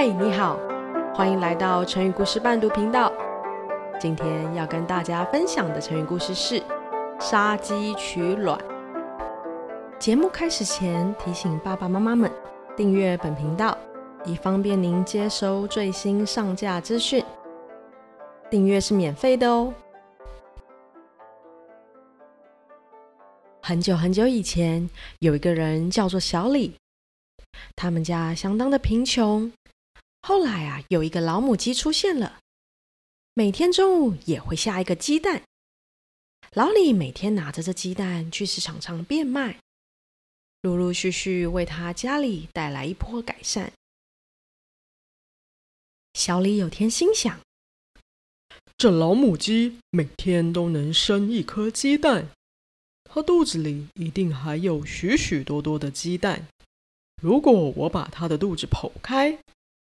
嗨，Hi, 你好，歡迎來到成語故事伴讀頻道。今天要跟大家分享的成語故事是“殺雞取卵”。節目開始前，提醒爸爸媽媽們訂閱本頻道，以方便您接收最新上架資訊。訂閱是免費的哦。很久很久以前，有一個人叫做小李，他們家相當的貧窮。後來啊，有一個老母雞出現了，每天中午也會下一個雞蛋。老李每天拿着這雞蛋去市場上變賣，陸陸續續為他家裡帶來一波改善。小李有天心想：這老母雞每天都能生一顆雞蛋，它肚子裡一定還有許許多多的雞蛋。如果我把它的肚子剖開，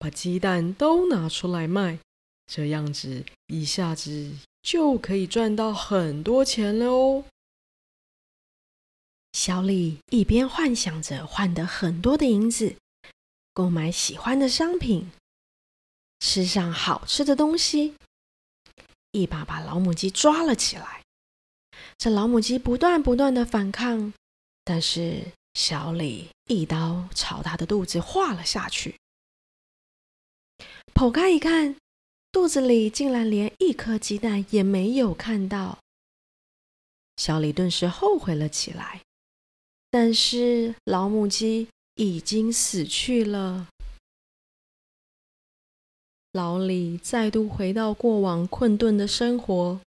把雞蛋都拿出來賣，這樣子一下子就可以賺到很多錢了哦。小李一邊幻想着換得很多的銀子，購買喜歡的商品，吃上好吃的東西，一把把老母雞抓了起來。這老母雞不斷不斷的反抗，但是小李一刀朝他的肚子劃了下去。打開一看，肚子裡竟然連一顆雞蛋也沒有看到。小李頓時後悔了起來，但是老母雞已經死去了。老李再度回到過往困頓的生活，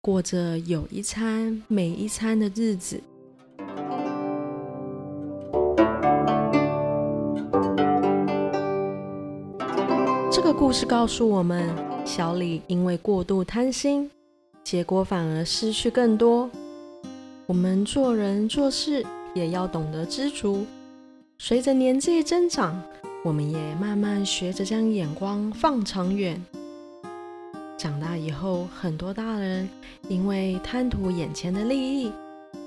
過着有一餐、沒一餐的日子。故事告訴我們，小李因為過度貪心，結果反而失去更多。我們做人做事也要懂得知足。隨着年紀增長，我們也慢慢學着將眼光放長遠。長大以後，很多大人因為貪圖眼前的利益，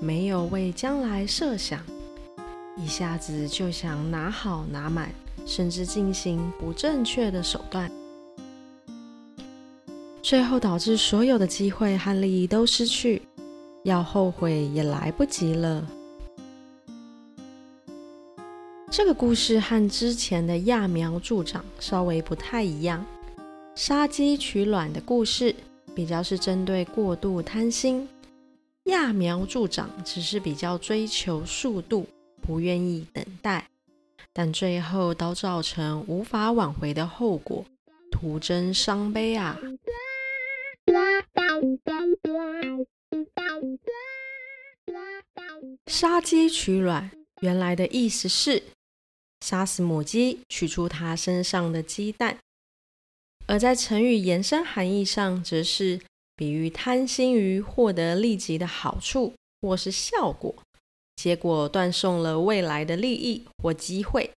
沒有為將來設想。一下子就想拿好拿滿，甚至進行不正確的手段，最後導致所有的機會和利益都失去，要後悔也來不及了。這個故事和之前的“揠苗助長”稍微不太一樣，“殺雞取卵”的故事比較是針對過度貪心，“揠苗助長”只是比較追求速度。不願意等待，但最後都造成無法挽回的後果，徒增傷悲啊！殺雞取卵，原來的意思是殺死母雞，取出它身上的雞蛋；而在成語延伸含義上，則是比喻貪心於獲得立即的好處或是效果，結果斷送了未來的利益或機會，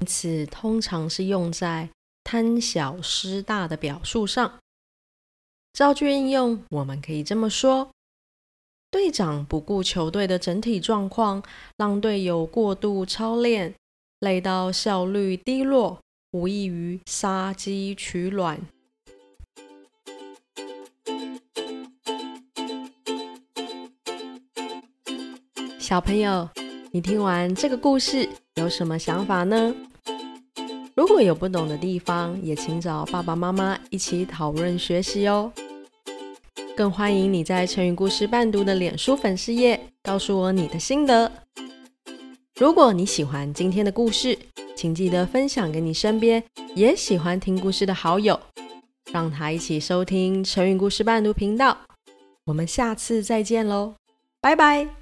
因此通常是用在貪小失大的表述上。造句應用，我們可以這麼說：隊長不顧球隊的整體狀況，讓隊友過度操練，累到效率低落，無異於殺雞取卵。小朋友，你聽完這個故事有什麼想法呢？如果有不懂的地方，也請找爸爸媽媽一起討論學習哦。更歡迎你在成語故事伴讀的臉書粉絲頁告訴我你的心得。如果你喜歡今天的故事，請記得分享給你身邊也喜歡聽故事的好友，讓他一起收聽成語故事伴讀頻道。我們下次再見嘍，拜拜。